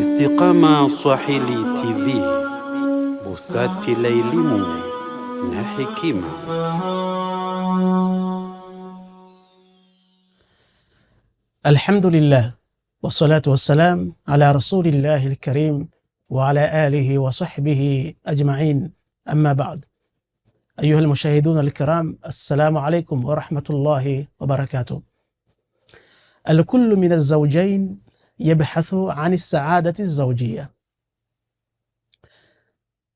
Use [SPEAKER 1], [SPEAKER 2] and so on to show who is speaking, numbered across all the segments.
[SPEAKER 1] Istiqama Swahili TV, busati la elimu na hekima. Alhamdulillah wassalatu wassalam ala rasulillahi alkarim wa ala alihi wa sahbihi ajmain, amma ba'd. Ayuha almushahidun alkiram, assalamu alaikum wa rahmatullahi wa barakatuh. alkullu min alzaujain yabhathu an lsaadati lzaujia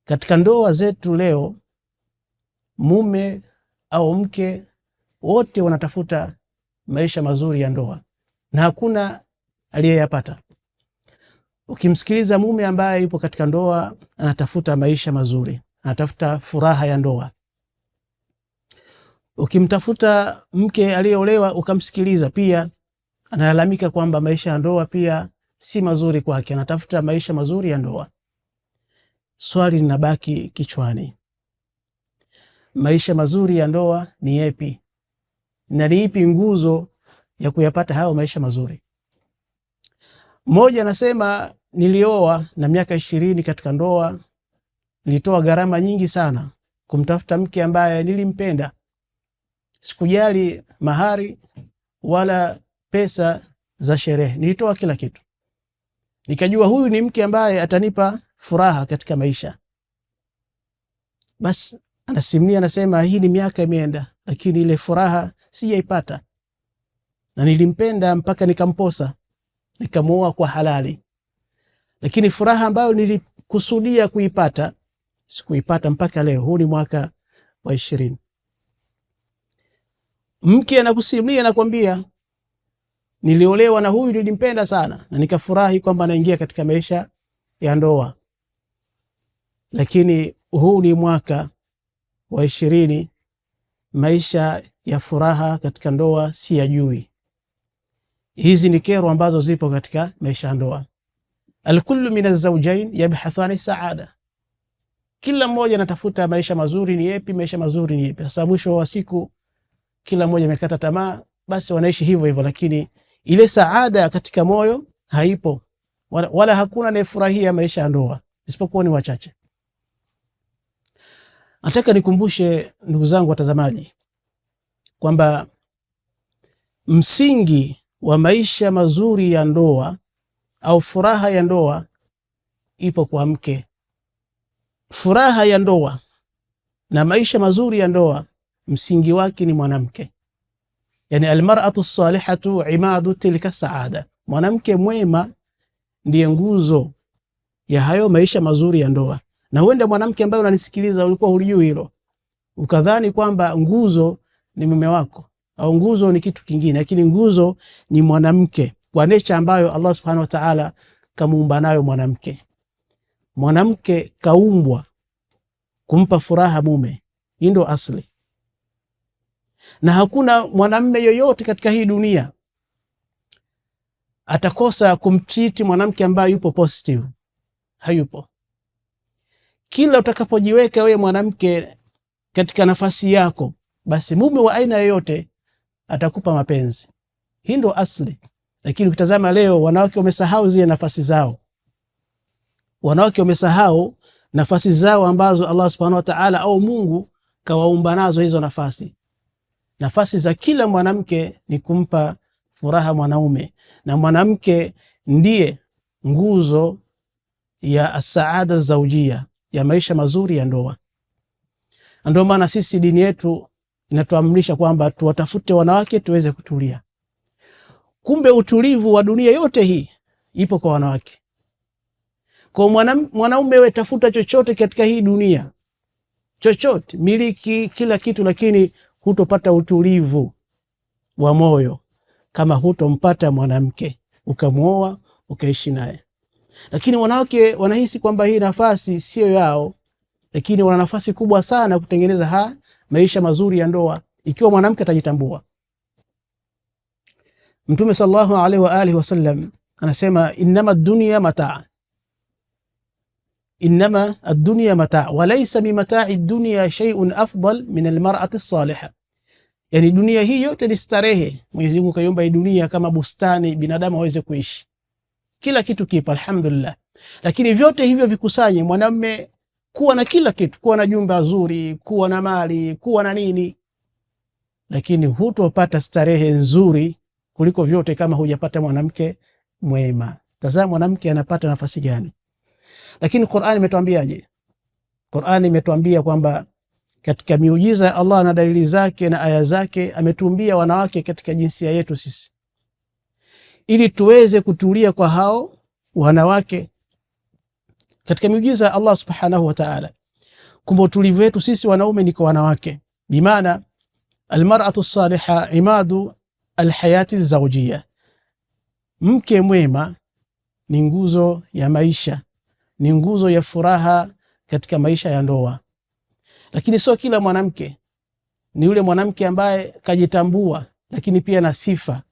[SPEAKER 1] Katika ndoa zetu leo, mume au mke wote wanatafuta maisha mazuri ya ndoa na hakuna aliyeyapata. Ukimsikiliza mume ambaye yupo katika ndoa, anatafuta maisha mazuri, anatafuta furaha ya ndoa. Ukimtafuta mke aliyeolewa ukamsikiliza pia analalamika kwamba maisha ya ndoa pia si mazuri kwake, anatafuta maisha mazuri ya ndoa. Swali linabaki kichwani, maisha mazuri ya ndoa ni yapi, na ni ipi nguzo ya kuyapata hayo maisha mazuri? Mmoja anasema nilioa na miaka ishirini katika ndoa, nilitoa gharama nyingi sana kumtafuta mke ambaye nilimpenda, sikujali mahari wala pesa za sherehe, nilitoa kila kitu. Nikajua huyu ni mke ambaye atanipa furaha katika maisha. Bas anasimnia, anasema, hii ni miaka imeenda, lakini ile furaha sijaipata, na nilimpenda mpaka nikamposa, nikamuoa kwa halali, lakini furaha ambayo nilikusudia kuipata sikuipata mpaka leo. Huu ni mwaka wa ishirini. Mke anakusimulia, anakwambia niliolewa na huyu nilimpenda sana na nikafurahi kwamba naingia katika maisha ya ndoa, lakini huu ni mwaka wa ishirini, maisha ya furaha katika ndoa si ya jui. Hizi ni kero ambazo zipo katika maisha ya ndoa. Alkullu min azaujain yabhathani saada, kila mmoja anatafuta maisha mazuri ni yepi, maisha mazuri ni yepi. Sasa mwisho wa siku kila mmoja amekata tamaa, basi wanaishi hivyo hivyo, lakini ile saada katika moyo haipo, wala, wala hakuna anayefurahia maisha ya ndoa isipokuwa ni wachache. Nataka nikumbushe ndugu zangu watazamaji kwamba msingi wa maisha mazuri ya ndoa au furaha ya ndoa ipo kwa mke. Furaha ya ndoa na maisha mazuri ya ndoa msingi wake ni mwanamke. Yani, almar'atu salihatu imadu tilka saada, mwanamke mwema ndiye nguzo ya hayo maisha mazuri ya ndoa. Na huenda mwanamke ambaye unanisikiliza ulikuwa hujui hilo, ukadhani kwamba nguzo ni mume wako au nguzo ni kitu kingine, lakini nguzo ni mwanamke kwa necha ambayo Allah subhanahu wa ta'ala kamuumba nayo mwanamke. Mwanamke kaumbwa kumpa furaha mume, hii ndo asli na hakuna mwanamme yoyote katika hii dunia atakosa kumtriti mwanamke ambaye yupo positive. Hayupo. Kila utakapojiweka wewe mwanamke katika nafasi yako, basi mume wa aina yoyote atakupa mapenzi. Hii ndo asli. Lakini ukitazama leo, wanawake wamesahau zile nafasi zao, wanawake wamesahau nafasi zao ambazo Allah subhanahu wa ta'ala au Mungu kawaumba nazo hizo nafasi. Nafasi za kila mwanamke ni kumpa furaha mwanaume, na mwanamke ndiye nguzo ya saada zaujia, ya maisha mazuri ya ndoa. Ndio maana sisi dini yetu inatuamrisha kwamba tuwatafute wanawake tuweze kutulia. Kumbe utulivu wa dunia yote hii ipo kwa wanawake. Kwa mwanaume, we tafuta chochote katika hii dunia, chochote miliki, kila kitu, lakini hutopata utulivu wa moyo kama hutompata mwanamke ukamwoa ukaishi naye. Lakini wanawake wanahisi kwamba hii nafasi siyo yao, lakini wana nafasi kubwa sana kutengeneza ha maisha mazuri ya ndoa ikiwa mwanamke atajitambua. Mtume sallallahu alaihi wa alihi wasallam anasema, innama dunia mataa innama الدنيا متاع mataa بمتاع الدنيا شيء أفضل dunya shay'un afdal min almar'ati as yani dunia hii yote ni starehe. Mwenyezi Mungu kaiumba dunia kama bustani, binadamu aweze kuishi, kila kitu kipo, alhamdulillah. Lakini vyote hivyo vikusanye, mwanamme kuwa na kila kitu, kuwa na jumba zuri, kuwa na mali, kuwa na nini, lakini hutopata starehe nzuri kuliko vyote kama hujapata mwanamke mwema. Tazama mwanamke anapata nafasi gani? Lakini Qur'ani imetuambiaje? Qur'ani imetuambia kwamba katika miujiza ya Allah na dalili zake na aya zake ametuumbia wanawake katika jinsia yetu sisi, ili tuweze kutulia kwa hao wanawake katika miujiza ya Allah subhanahu wa ta'ala. Kumbe utulivu wetu sisi wanaume ni kwa wanawake, bi maana almar'atu saliha imadu alhayati zawjia, mke mwema ni nguzo ya maisha ni nguzo ya furaha katika maisha ya ndoa, lakini sio kila mwanamke. Ni yule mwanamke ambaye kajitambua, lakini pia na sifa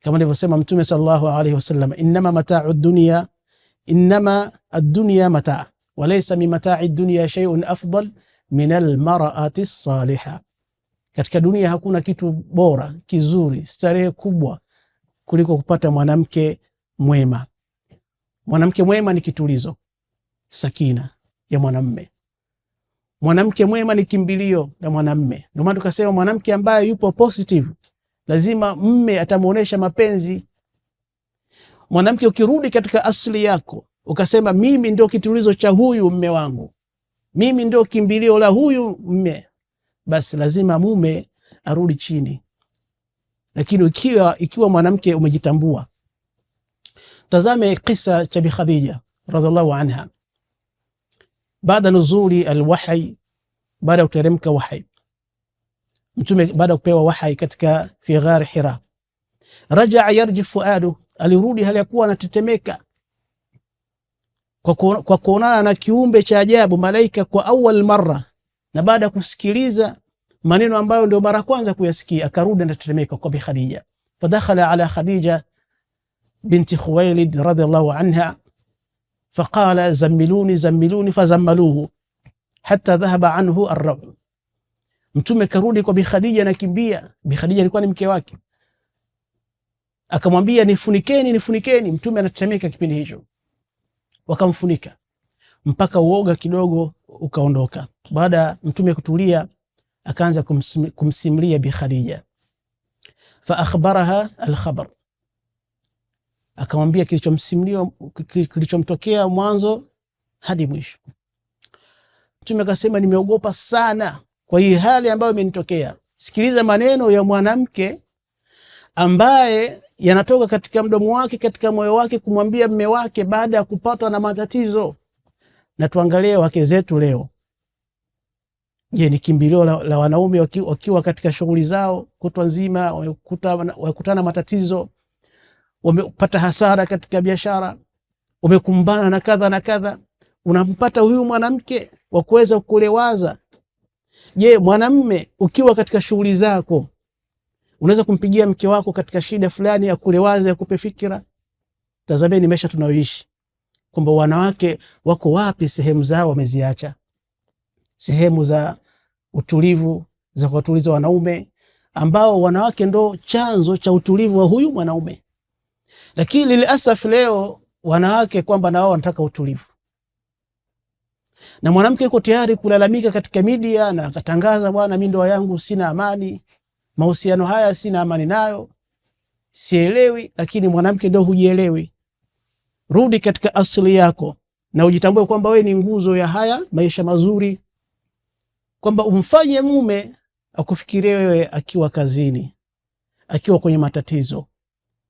[SPEAKER 1] kama alivyosema Mtume sallallahu alaihi wasallam, innama matau dunya, innama ad-dunya mataa wa laysa min matai dunya shay'un afdal min almar'ati salihah. Katika dunia hakuna kitu bora kizuri, starehe kubwa kuliko kupata mwanamke mwema. Mwanamke mwema ni kitulizo sakina ya mwanamme. Mwanamke mwema ni kimbilio la mwanamme. Ndio maana tukasema mwanamke ambaye yupo positive lazima mme atamuonesha mapenzi. Mwanamke ukirudi katika asili yako ukasema, mimi ndio kitulizo cha huyu mme wangu, mimi ndio kimbilio la huyu mme, basi lazima mume arudi chini. Lakini ikiwa ikiwa mwanamke umejitambua, tazame kisa cha Bi Khadija radhiallahu anha baada nuzuli alwahyi, baada ya kuteremka wahyi mtume, baada ya kupewa wahyi katika fi ghar Hira. Rajaa yarji fuadu, alirudi hali ya kuwa anatetemeka kwa kuonana na kiumbe cha ajabu malaika kwa awal mara, na baada ya kusikiliza maneno ambayo ndio mara kwanza kuyasikia, akarudi anatetemeka kwa Bi Khadija. Fadakhala ala Khadija binti Khuwailid radhiallahu anha faqala zammiluni zammiluni fazammaluhu hata dhahaba anhu arrau. Mtume karudi kwa Bi Khadija nakimbia. Bi Khadija alikuwa ni mke wake, akamwambia nifunikeni, nifunikeni. Mtume anatetemeka kipindi hicho, wakamfunika mpaka uoga kidogo ukaondoka. Baada ya mtume kutulia, akaanza kumsimlia Bi Khadija fa akhbaraha alkhabar akamwambia kilichomsimulia kilichomtokea mwanzo hadi mwisho. Mtume akasema nimeogopa sana kwa hii hali ambayo imenitokea. Sikiliza maneno ya mwanamke ambaye yanatoka katika mdomo wake, katika moyo wake, kumwambia mme wake baada ya kupatwa na matatizo. Na tuangalie wake zetu leo. Je, ni kimbilio la, la wanaume wakiwa katika shughuli zao kutwa nzima, wakutana matatizo wamepata hasara katika biashara, wamekumbana na kadha na kadha. Unampata huyu mwanamke wa kuweza kulewaza. Je, mwanamme ukiwa katika shughuli zako unaweza kumpigia mke wako katika shida fulani ya kulewaza, ya kupe fikira? Tazameni maisha tunayoishi kwamba wanawake wako wapi, sehemu zao wameziacha, sehemu za utulivu za kuwatuliza wanaume, ambao wanawake ndo chanzo cha utulivu wa huyu mwanaume. Lakini lilasaf leo wanawake kwamba na wao wanataka utulivu, na mwanamke yuko tayari kulalamika katika media na akatangaza, bwana, mimi ndoa yangu sina amani, mahusiano haya sina amani nayo, sielewi. Lakini mwanamke ndio hujielewi. Rudi katika asili yako na ujitambue kwamba wewe ni nguzo ya haya maisha mazuri, kwamba umfanye mume akufikirie wewe akiwa kazini, akiwa kwenye matatizo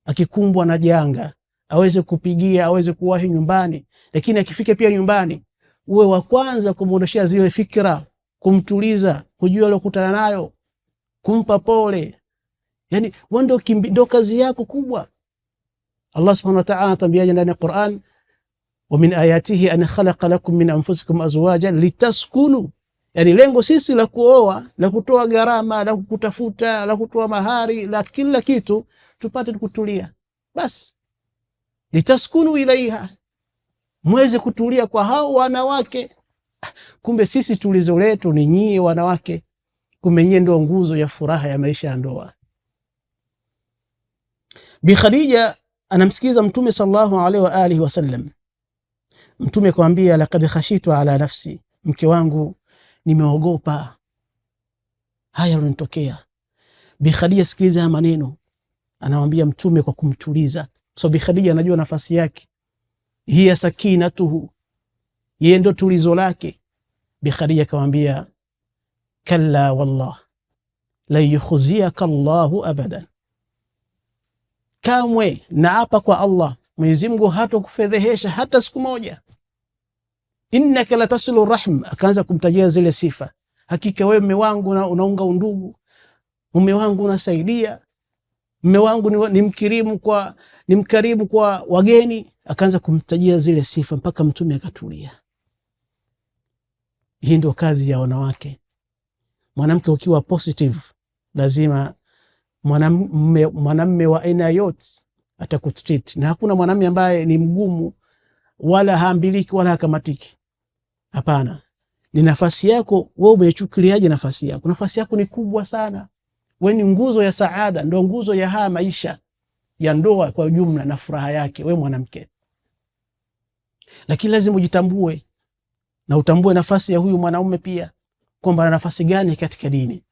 [SPEAKER 1] akikumbwa na janga aweze kupigia, aweze kuwahi nyumbani, lakini akifika pia nyumbani uwe wa kwanza kumuondoshea zile fikra, kumtuliza, kujua aliokutana nayo, kumpa pole. Yani wewe ndio kazi yako kubwa. Allah subhanahu wa ta'ala anatuambiaje ndani ya Qur'an, wa min ayatihi an khalaqa lakum min anfusikum azwajan litaskunu. Yani lengo sisi la kuoa, la kutoa gharama, la kutafuta, la kutoa mahari, la kila kitu tupate kutulia basi, litaskunu ilaiha, mweze kutulia kwa hao wanawake. Kumbe sisi tulizo letu ni nyie wanawake, kumbe nyie ndio nguzo ya furaha ya maisha ya ndoa. Bi Khadija anamsikiliza Mtume sallallahu alaihi wa alihi wasallam. Mtume kwambia, lakad khashitu ala nafsi, mke wangu nimeogopa haya yalonitokea. Bi Khadija, sikiliza haya maneno anamwambia mtume kwa kumtuliza, kwa sababu Khadija anajua nafasi yake, hiya sakinatuhu, yeye ndo tulizo lake. Bi Khadija akamwambia kalla wallah la yukhziyaka Allahu abadan, kamwe naapa kwa Allah, Mwenyezi Mungu hatokufedhehesha hata siku moja. Innaka latasilu rahm, akaanza kumtajia zile sifa, hakika wewe mume wangu unaunga undugu, mume wangu unasaidia mme wangu ni, ni mkirimu kwa ni mkarimu kwa wageni. Akaanza kumtajia zile sifa mpaka mtume akatulia. Hii ndio kazi ya wanawake. Mwanamke ukiwa positive, lazima mwanamme mwanamme wa aina yote atakutreat, na hakuna mwanamme ambaye ni mgumu wala haambiliki wala hakamatiki. Hapana, ni nafasi yako wewe. Umechukuliaje nafasi yako? Nafasi yako ni kubwa sana. Wewe ni nguzo ya saada, ndo nguzo ya haya maisha ya ndoa kwa ujumla na furaha yake, we mwanamke. Lakini lazima ujitambue na utambue nafasi ya huyu mwanaume pia, kwamba ana nafasi gani katika dini,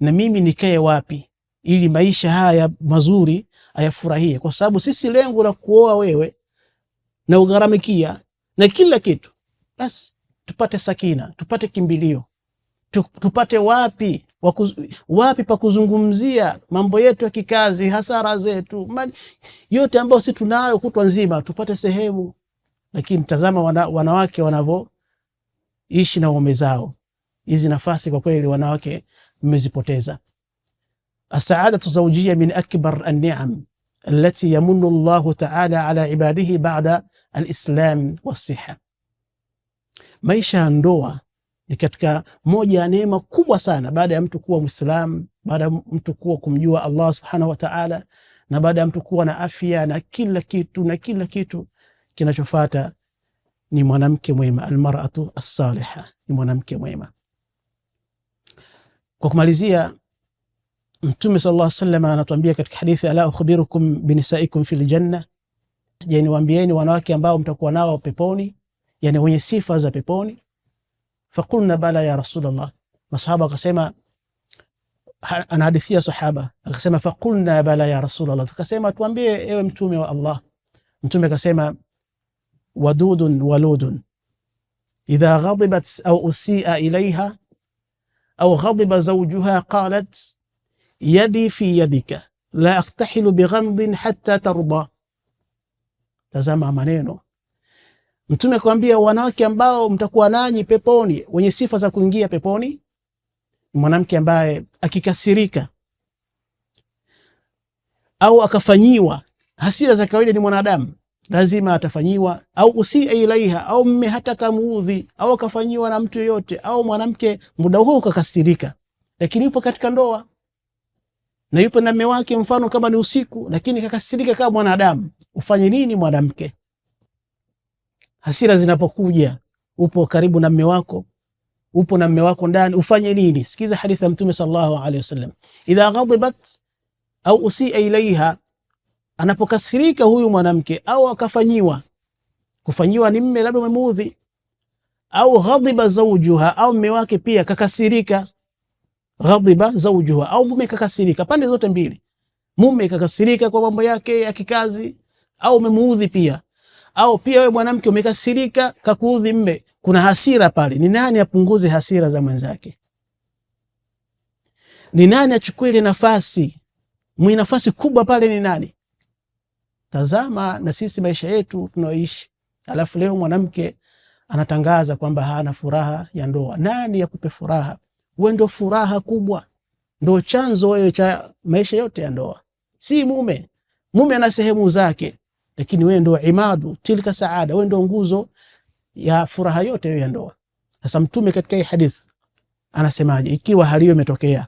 [SPEAKER 1] na mimi nikae wapi ili maisha haya mazuri ayafurahie, kwa sababu sisi lengo la kuoa wewe na ugharamikia na kila kitu, basi tupate sakina, tupate kimbilio, tupate wapi Wakuz, wapi pa kuzungumzia mambo yetu ya kikazi, hasara zetu, mali yote ambayo sisi tunayo kutwa nzima tupate sehemu. Lakini tazama wana, wanawake wanavyoishi na waume zao. Hizi nafasi kwa kweli wanawake mmezipoteza. Asaadatu zaujia min akbar an-ni'am allati yamunu Allahu ta'ala ala ibadihi ba'da al-islam wa siha Maisha ya ndoa ni katika moja ya neema kubwa sana baada ya mtu kuwa Mwislamu, baada ya mtu kuwa kumjua Allah subhanahu wa ta'ala, na baada ya mtu kuwa na afya na kila kitu na kila kitu kinachofata ni mwanamke mwema, almar'atu as ni mwanamke mwema. Kwa kumalizia, Mtume sallallahu alaihi wasallam anatuambia katika hadithi, ala ukhbirukum binisaikum fil janna, je, niwaambieni wanawake ambao mtakuwa nao peponi, yani wenye sifa za peponi فقلنا بلى يا رسول الله وصحابة قسيمة أنا فيها صحابة قسيمة فقلنا بلى يا رسول إيه الله قسيمة توانبي إيو امتومي والله امتومي قسيمة ودود ولود إذا غضبت أو أسيء إليها أو غضب زوجها قالت يدي في يدك لا أقتحل بغمض حتى ترضى تزمع منينو Mtume akamwambia wanawake ambao mtakuwa nanyi peponi, wenye sifa za kuingia peponi, mwanamke ambaye akikasirika au akafanyiwa hasira za kawaida, ni mwanadamu lazima atafanyiwa au usia ilaiha au mme hata kamuudhi au akafanyiwa na mtu yoyote au mwanamke muda huo ukakasirika, lakini yupo katika ndoa na yupo na mme wake, mfano kama ni usiku, lakini kakasirika kama mwanadamu, ufanye nini mwanamke? Hasira zinapokuja, upo karibu na mme wako, upo na mme wako ndani, ufanye nini? Sikiza hadithi ya Mtume sallallahu alaihi wasallam, idha ghadibat au usia ilaiha, anapokasirika huyu mwanamke au akafanyiwa kufanyiwa ni mme, labda umemuudhi, au ghadiba zaujuha, au mme wake pia kakasirika. Ghadiba zaujuha au mume kakasirika, pande zote mbili, mume kakasirika kwa mambo yake ya kikazi, au umemuudhi pia au pia wewe mwanamke umekasirika, kakuudhi mme, kuna hasira pale. Ni nani apunguze hasira za mwenzake? Ni nani achukue ile nafasi? Mwenye nafasi kubwa pale ni nani? Tazama na sisi maisha yetu tunaoishi. Alafu leo mwanamke anatangaza kwamba hana furaha ya ndoa. Nani yakupe furaha? We ndo furaha kubwa, ndo chanzo wewe cha maisha yote ya ndoa, si mume. Mume ana sehemu zake lakini wewe ndo imadu tilka saada, wewe ndo nguzo ya furaha yote ya ndoa. Sasa Mtume katika hii hadith anasemaje? Ikiwa hali hiyo imetokea,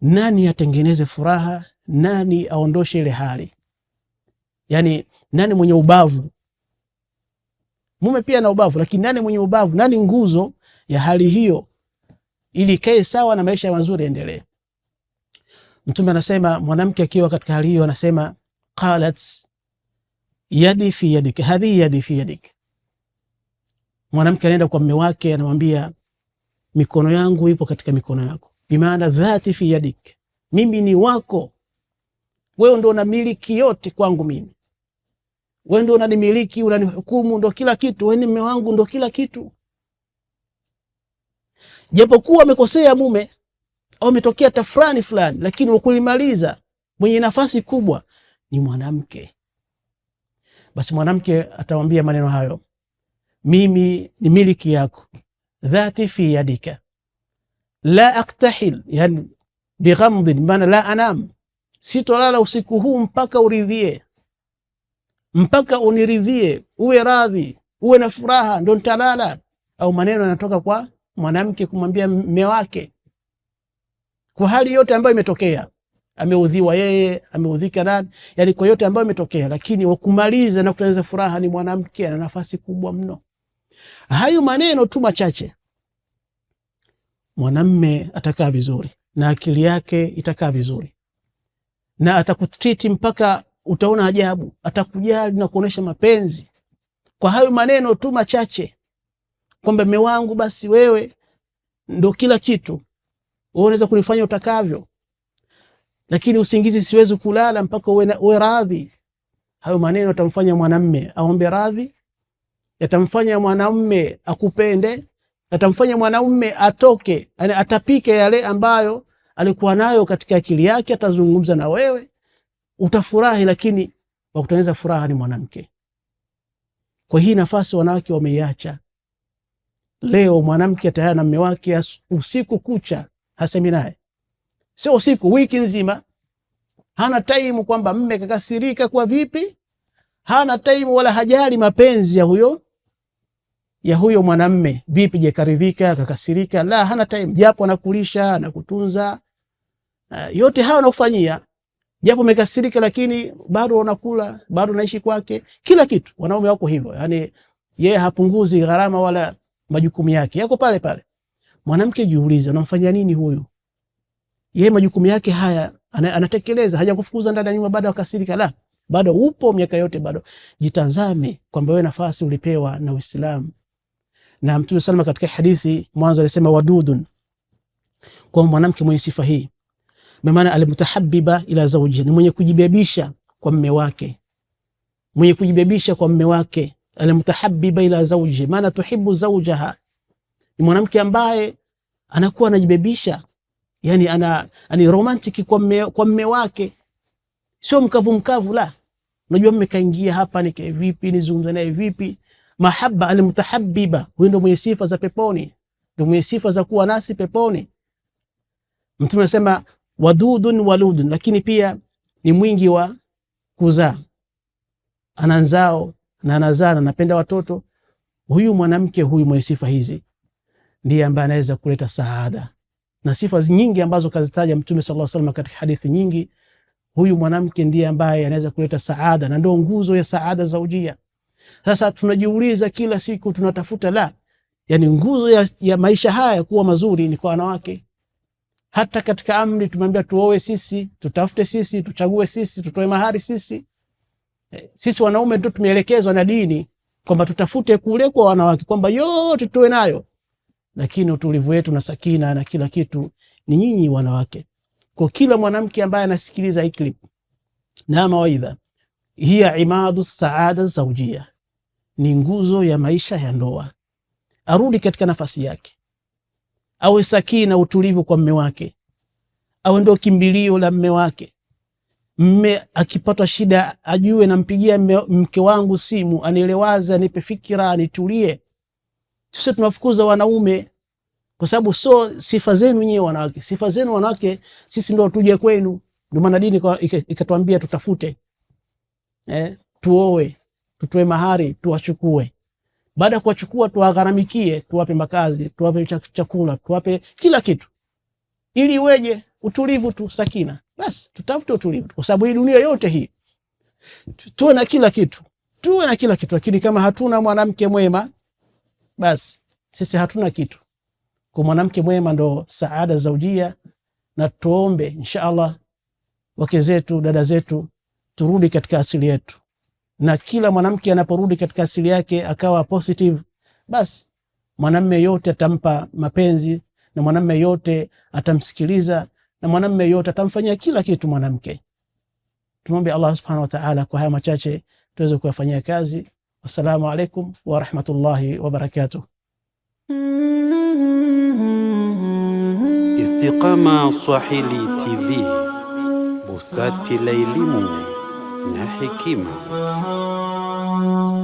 [SPEAKER 1] nani atengeneze furaha? Nani aondoshe ile hali? Yani nani mwenye ubavu? Mume pia ana ubavu, lakini nani mwenye ubavu? Nani nguzo ya hali hiyo, ili ikae sawa na maisha mazuri endelee. Mtume anasema mwanamke akiwa katika hali hiyo, anasema qalat yadi fi yadik, hadhi yadi fi yadik. Mwanamke anaenda kwa mume wake, anamwambia mikono yangu ipo katika mikono yako, bimaana dhati fi yadik, mimi ni wako wewe, ndo miliki yote kwangu mimi, wewe ndo unanimiliki, unanihukumu, ndo kila kitu, wewe ni mume wangu, ndo kila kitu. Japokuwa amekosea mume au ametokea tafrani fulani, lakini ukulimaliza mwenye nafasi kubwa ni mwanamke basi mwanamke atamwambia maneno hayo, mimi ni miliki yako, dhati fi yadika la aktahil, yani bighamdin, maana la anam, sitolala usiku huu mpaka uridhie, mpaka uniridhie, uwe radhi, uwe na furaha, ndo nitalala. Au maneno yanatoka kwa mwanamke kumwambia mme wake kwa hali yote ambayo imetokea ameudhiwa yeye, ameudhika nani, yani kwa yote ambayo imetokea. Lakini wakumaliza na kutangaza furaha ni mwanamke, ana nafasi kubwa mno. Hayo maneno tu machache, mwanamme atakaa vizuri na akili yake itakaa vizuri, na atakutriti mpaka utaona ajabu, atakujali na kuonesha mapenzi kwa hayo maneno tu machache, kwamba mme wangu, basi wewe ndo kila kitu, wewe unaweza kunifanya utakavyo lakini usingizi siwezi kulala mpaka uwe radhi. Hayo maneno yatamfanya mwanamme aombe radhi, yatamfanya mwanamme akupende, yatamfanya mwanamme atoke, atapike yale ambayo alikuwa nayo katika akili yake. Atazungumza na wewe, utafurahi, lakini wa kutengeneza furaha ni mwanamke. Kwa hii nafasi wanawake wameiacha. Leo mwanamke tayari na mme wake usiku kucha, hasemi naye sio usiku, wiki nzima. Hana taimu kwamba mme kakasirika kwa vipi, hana taimu wala hajali mapenzi ya huyo ya huyo mwanamme vipi, je, karidhika kakasirika? La, hana taimu, japo anakulisha anakutunza, uh, yote hayo anakufanyia, japo umekasirika, lakini bado unakula, bado unaishi kwake, kila kitu. Wanaume wako hivyo, yani yeye hapunguzi gharama wala majukumu yake, yako pale pale. Mwanamke, jiulize, unamfanyia nini huyu? yeye majukumu yake haya anatekeleza, hajakufukuza ndani ya nyumba baada ya kasirika. la bado upo miaka yote, bado jitazame kwamba wewe nafasi ulipewa na Uislamu. Na Mtume Salma katika hadithi mwanzo alisema wadudun, kwa mwanamke mwenye sifa hii, maana alimtahabiba ila zawjihi, ni mwenye kujibebisha kwa mme wake, mwenye kujibebisha kwa mme wake. Alimtahabiba ila zawjihi, maana tuhibu zawjaha, ni mwanamke ambaye anakuwa anajibebisha yani ana ani romantic kwa mme, kwa mme wake, sio mkavu mkavu. La, unajua mme kaingia hapa, nikae vipi? Nizungumze naye vipi? Mahaba almutahabiba, huyo ndio mwenye sifa za peponi, ndio mwenye sifa za kuwa nasi peponi. Mtume anasema wadudun waludun, lakini pia ni mwingi wa kuzaa, ana nzao na anazaa na anapenda watoto. Huyu mwanamke huyu mwenye sifa hizi ndiye ambaye anaweza kuleta saada na sifa nyingi ambazo kazitaja Mtume sallallahu alaihi wasallam katika hadithi nyingi. Huyu mwanamke ndiye ambaye anaweza kuleta saada na ndio nguzo ya saada zaujia. Sasa tunajiuliza kila siku tunatafuta la, yani nguzo ya, ya maisha haya kuwa mazuri ni kwa wanawake. Hata katika amri tumeambia tuoe sisi, tutafute sisi, tuchague sisi, tutoe mahari sisi. Eh, sisi wanaume ndio tumeelekezwa na dini kwamba tutafute kule kwa wanawake kwamba yote tuwe nayo lakini utulivu wetu na sakina na kila kitu ni nyinyi wanawake. Kwa kila mwanamke ambaye anasikiliza hii clip na mawaidha, hiya imadu saada zaujia, ni nguzo ya maisha ya ndoa. Arudi katika nafasi yake, awe sakina, utulivu kwa mme wake, awe ndo kimbilio la mme wake. Mme akipatwa shida, ajue nampigia mke wangu simu, anielewaze, anipe fikira, anitulie sisi tunafukuza wanaume kwa sababu so sifa zenu nyewe wanawake, sifa zenu wanawake, sisi ndio tuje kwenu. Ndio maana dini ikatuambia tutafute, eh, tuoe, tutoe mahari, tuwachukue. Baada ya kuwachukua, tuwagharamikie, tuwape makazi, tuwape chakula, tuwape kila kitu, ili weje Utulivu tu, sakina. Basi tutafute utulivu, kwa sababu hii dunia yote hii tuwe na kila kitu, tuwe na kila kitu, lakini kama hatuna mwanamke mwema basi sisi hatuna kitu. Kwa mwanamke mwema ndo saada zaujia, na tuombe insha Allah wake zetu, dada zetu, turudi katika asili yetu, na kila mwanamke anaporudi katika asili yake akawa positive, basi mwanamme yote atampa mapenzi na mwanamme yote atamsikiliza na mwanamme yote atamfanyia kila kitu mwanamke. Tumombe Allah subhanahu wa ta'ala, kwa haya machache tuweze kuyafanyia kazi. والسلام عليكم ورحمة الله وبركاته استقامة صحيلي تي في بساتي ليلمو نحكيما